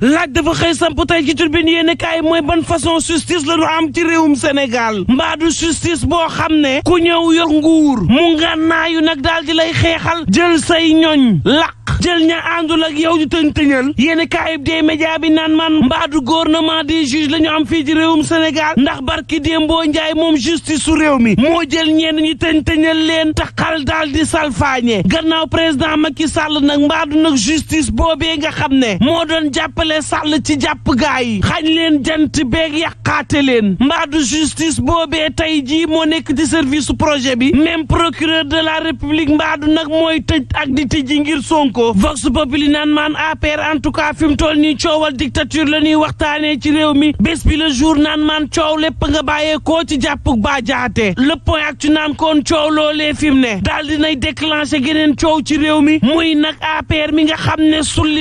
laaj dafa xëy samp tey ci turbine yéen kaay mooy ban façon justice la ñu am ci réewum Sénégal mbaadu justice boo xam ne ku ñëw nag daal di lay xeexal jël say ñoñ laq jël ña àndul ak yow di tëñ-tëñal yéen kaayub dee média bi naan man mbaadu gouvernement des juges am fii ci réewum Sénégal ndax barki démboo njaay moom justice su réew mi moo jël ñenn ñu tëñ-tëñal leen taxal daal di salfaañe gannaaw président Macky Sall nag mbaadu nag justice boobee nga xam ne moo doon jàpp jàppale sàll ci jàpp gaay yi xañ leen jant beeg yàqaate leen mbaadu justice boobee tey jii moo nekk ci service projet bi même procureur de la république mbaadu nag mooy tëj ak di tëji ngir sonko vox populi naan maan APR en tout cas fi mu nii coowal dictature la ñuy waxtaanee ci réew mi bés bi le jour naan maan coow lépp nga bàyyee koo ci jàpp baa jaate le point ak ci naan kon coow loolee fi mu ne daal dinay déclenché geneen coow ci réew mi muy nag APR mi nga xam ne sulli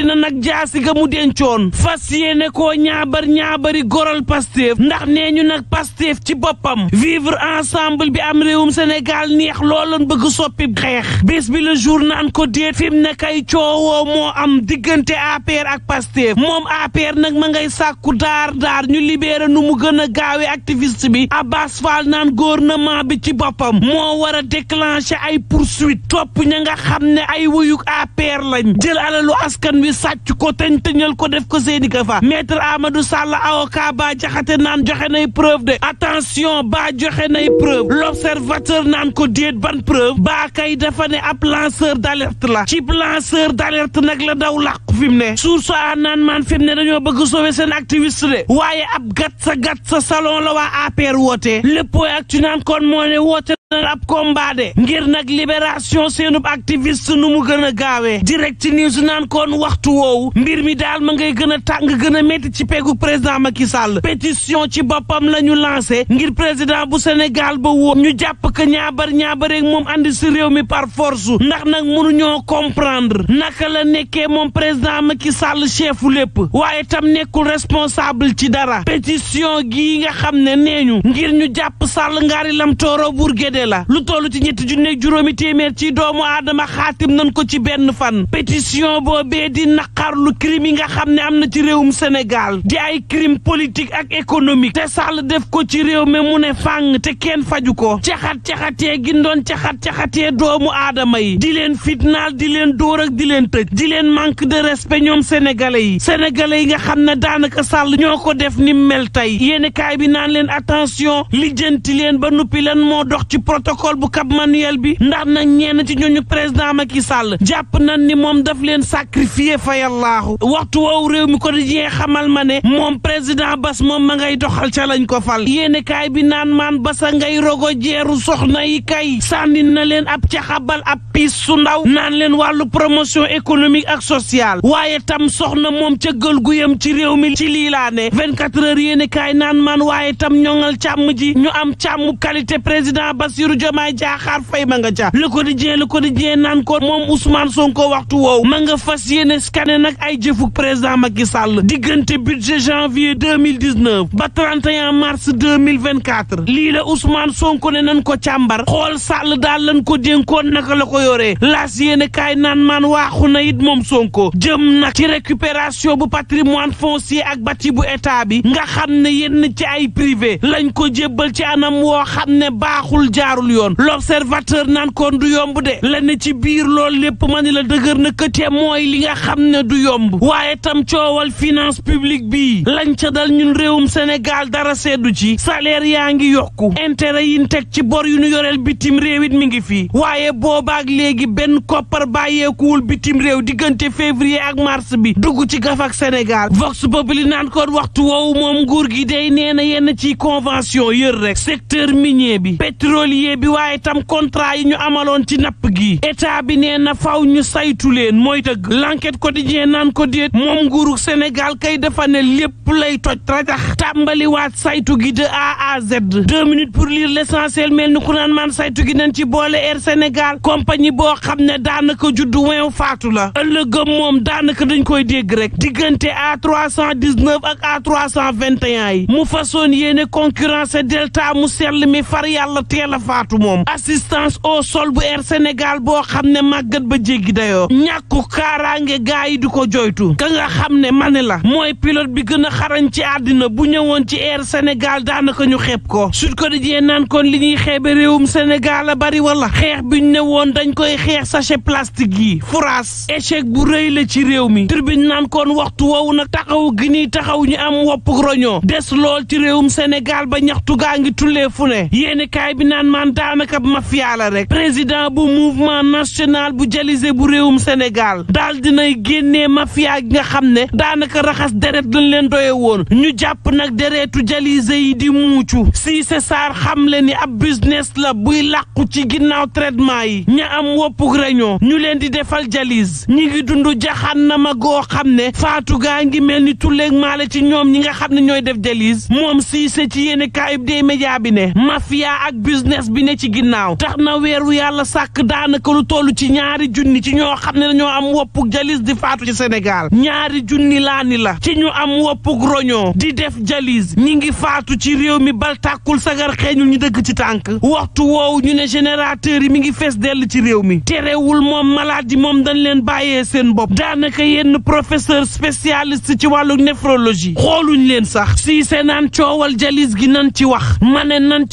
doon fas yéene koo ñaabar ñaabari goral Pastef ndax nee ñu nag Pastef ci boppam vivre ensemble bi am réewum Sénégal neex looloon bëgg soppi xeex bés bi la jour naan ko déet fi mu ne kay coowoo moo am diggante APR ak Pastef moom APR nag ma ngay sàkku daar daar ñu libéré nu mu gën a gaawee activiste bi Abbas Fall naan gouvernement bi ci boppam moo war a déclencher ay poursuite topp ña nga xam ne ay wuyuk APR lañ jël alalu askan wi sàcc ko teñ ko def ko Seydi Gafa maître Amadou Sall avocat ba jaxate naan joxe nay preuve de attention ba joxe nay preuve l'observateur naan ko déet ban preuve ba kay dafa ne ab lanceur d'alerte la ci lanceur d'alerte nag la daw làqu fi mu ne source a naan maan fi mu ne dañoo bëgg sauver seen activiste de waaye ab gat sa gat sa salon la waa APR woote léppooy ak naan kon moo ne woote ab combat de ngir nag libération seenub activiste nu mu gën a gaawee direct news naan koon waxtu mbir mi daal ma ngay gën a tàng gën a métti ci peggu président Macky Sall pétition ci boppam la ñu lancé ngir président bu Sénégal ba ñu jàpp que ñaabar ñaabareeg moom andi si mi par force ndax nag mënuñoo comprendre naka la nekkee moom président Macky Sall chefu lépp waaye tam nekkul responsable ci dara pétition gii nga xam ne nee ñu ngir ñu jàpp Sall ngaari lam tooro Bourguédé ne la lu toll ci ñetti junne juróomi téeméer ci doomu aadama xaatim nañ ko ci benn fan pétition boobee di naqarlu crime yi nga xam ne am na ci réewum Sénégal di ay crime politique ak économique te Sall def ko ci réew mi mu ne fàng te kenn faju ko caxat-caxatee gindoon caxat-caxatee doomu aadama yi di leen fitnaal di leen dóor ak di leen tëj di leen manque de respect ñoom sénégalais yi sénégalais yi nga xam ne daanaka Sall ñoo ko def ni mel tey yéen kaay bi naan leen attention lijjanti leen ba noppi lan protocole bu Cap Manuel bi ndax nag ñenn ci ñooñu président Macky Sall jàpp nañ ni moom daf leen sacrifié fa yàllaahu waxtu woowu réew mi ko di xamal ma ne moom président Bas moom ma ngay doxal ca lañ ko fal yéene kaay bi naan maan basa ngay rogo jeeru soxna yi kay sànni na leen ab caxabal ab piis su ndaw naan leen wàllu promotion économique ak social waaye tam soxna moom ca gël gu yam ci réew mi ci lii laa ne 24 heures yéene kaay naan maan waaye tam ñoŋal càmm ji Bassirou Diomaye Diakhar Faye ma nga ca Le Quotidien Le Quotidien naan ko moom Ousmane Sonko waxtu woowu ma nga fas yéene scanner nag ay jëfuk président Macky Sall diggante budget janvier 2019 ba 31 mars 2024 lii la Ousmane Sonko ne nan ko càmbar xool Sall daal lan ko dénkoon naka la ko yoree laas yéene kaay naan maan waaxu na moom Sonko jëm nag ci récupération bu patrimoine foncier ak bâti bu état bi nga xam ne yenn ci ay privé lañ ko jébbal ci anam woo xam ne baaxul jaar jaarul yoon l'observateur naan kon du yomb de la ci biir lool lépp ma ni la dëgër na këte mooy li nga xam ne du yomb waaye tam coowal finance publique bi lañ ca dal ñun réewum Sénégal dara seddu ci salaire yaa ngi yokku intérêt yi ñu teg ci bor yu ñu yoreel bitim réew it mi ngi fii waaye boobaak léegi benn koppar bàyyeekuwul bitim réew diggante février ak mars bi dugg ci gafak Sénégal vox populi naan waxtu woowu moom nguur gi day nee na yenn ci convention yër rek secteur hôtelier bi waaye tam contrat yi ñu amaloon ci napp gi état bi nee na faw ñu saytu leen mooy dëgg l'enquête quotidien naan ko déet moom nguuru Sénégal kay dafa lépp lay toj rajax waat saytu gi de A à Z deux minutes pour lire l'essentiel mel ni ku naan maan saytu gi nañ ci boole Air Sénégal compagnie boo xam ne daanaka juddu wew faatu la ëllëgëm moom daanaka dañ koy dégg rek diggante A319 ak A321 yi mu fasoon yéene concurrence Delta mu sell mi far yàlla teel faatu moom assistance au sol bu Air Sénégal boo xam ne màggat ba jéggi dayoo ñàkku kaaraange gaa yi di ko joytu ka nga xam ne ma ne la mooy pilote bi gën a xarañ ci àddina bu ñëwoon ci Air Sénégal daanaka ñu xeeb ko Sud Quotidien naan kon li ñuy xeebe réewum Sénégal a bari wala xeex biñ ne woon dañ koy xeex sachet plastique yi furaas échec bu rëy la ci réew mi tribune naan koon waxtu woowu nag taxaw gi nii taxaw ñu am wopp roñoo des lool ci réewum Sénégal ba ñaxtu man daanaka mafia la rek président bu mouvement national bu dialysé bu réewum Sénégal daal dinay génnee mafia gi nga xam ne daanaka raxas deret lañ leen doye woon ñu jàpp nag deretu jalise yi di muucu Cissé Sarr xam le ni ab business la buy làqu ci ginnaaw traitement yi ña am woppuk réunion ñu leen di defal dialyse ñi ngi dund jaxannama goo xam ne faatu gaa ngi mel ni tulleeg maale ci ñoom ñi nga xam ne ñooy def dialyse moom Cissé ci yéene kaayub dee média bi ne bees bi ne ci ginnaaw tax na weeru yàlla sàkk daanaka lu toll ci ñaari junni ci ñoo xam ne dañoo am woppug jalis di faatu ci Sénégal ñaari junni laa ni la ci ñu am woppug roñoo di def jalis ñi ngi faatu ci réew mi bal tàkkul sagar xeeñul ñu dëgg ci tànk waxtu woowu ñu ne générateur yi mi ngi fees dell ci réew mi terewul moom malade yi moom dañ leen bàyyee seen bopp daanaka yenn professeur spécialiste ci wàllu néphrologie xooluñ leen sax si seenaan coowal jalis gi nan ci wax ma ne nan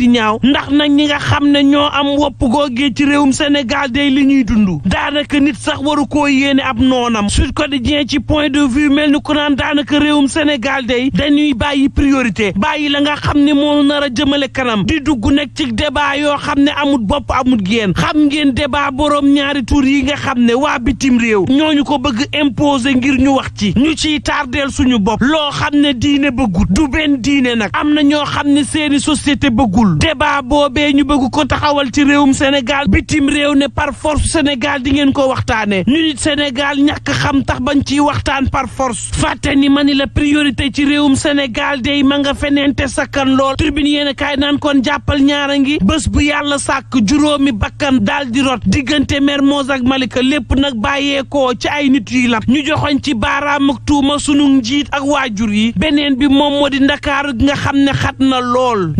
di ñaaw ndax nag ñi nga xam ne ñoo am wopp googee ci réewum Sénégal day li ñuy dund daanaka nit sax waru koo yéene ab noonam Sud Quotidien ci point de vue mel ni ku naan daanaka réewum Sénégal day dañuy bàyyi priorité bàyyi la nga xam ne moo nar a jëmale kanam di dugg nekk ci débat yoo xam ne amut bopp amut génn xam ngeen débat boroom ñaari tur yi nga xam ne waa bitim réew ñooñu ko bëgg imposer ngir ñu wax ci ñu ciy tardeel suñu bopp loo xam ne diine bëggut du benn nag am na ñoo xam ne seeni société bëggul amul mm. débat boobee ñu bëgg ko taxawal ci réewum Sénégal bitim réew ne par force Sénégal di ngeen ko waxtaanee ñu nit Sénégal ñàkk xam tax bañ ci waxtaan par force fàtte ni ma ni la priorité ci réewum Sénégal day ma nga feneen te sakkan lool tribune yéen kay naan kon jàppal ñaara ngi bës bu yàlla sàkk juróomi bakkan daal di rot diggante Mermoz ak Malika lépp nag bàyyeekoo ci ay nit yuy lab ñu joxoñ ci baaraam ak tuuma sunu njiit ak waajur yi beneen bi moom moo di Ndakaaru nga xam ne xat lool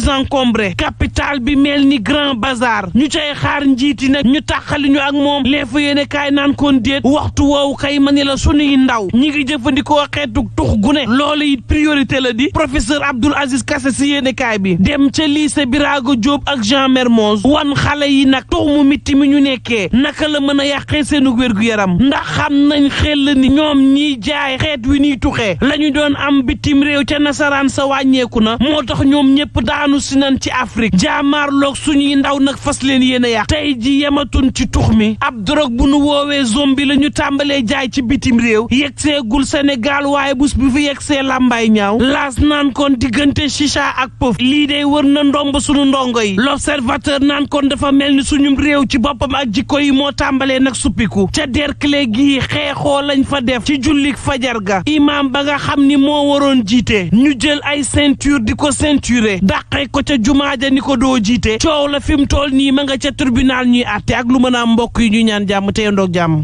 désencombré capital bi mel ni grand bazar ñu cay xaar njiiti nag ñu tàqali ñu ak moom leef yéene kaay naan kon déet waxtu woowu kay ma ni la sunuy ndaw ñi ngi jëfandikoo xeetu tux gune ne loolu it priorité la di professeur Abdoul Aziz Kassé si yéene kaay bi dem ca lycée Birago Diop ak Jean Mermoz wan xale yi nag tux mu mitti mi ñu nekkee naka la mën a yàqee seenu wér-gu-yaram ndax xam nañ xel ni ñoom ñiy jaay xeet wi niy tuxee la ñu doon am bitim réew ca nasaraan sa wàññeeku na daanu si nan ci Afrique jaamaarloog suñuy ndaw nag fas leen yéen a yàq tey yematun ci tux mi ab drogue bu nu woowee zombie la ñu tàmbalee jaay ci bitim réew yegseegul Sénégal waaye bus bi fi yegsee làmbaay ñaaw laas naan kon diggante chicha ak pëf lii day wër na ndomb suñu ndongo yi l'observateur naan kon dafa mel ni suñu réew ci boppam ak jikko yi moo tàmbalee nag suppiku ca derkle gii xeexoo lañ fa def ci jullik fajar ga imaam ba nga xam ni moo waroon jiite ñu jël ay ceinture di ko ceinturer dàq dàqee ko ca jumaa ja ni ko doo jiite coow la fi mu tool nii ma nga ca tribunal ñuy àtte ak lu mën a mbokk yi ñu ñaan jàmm te yandoog jàmm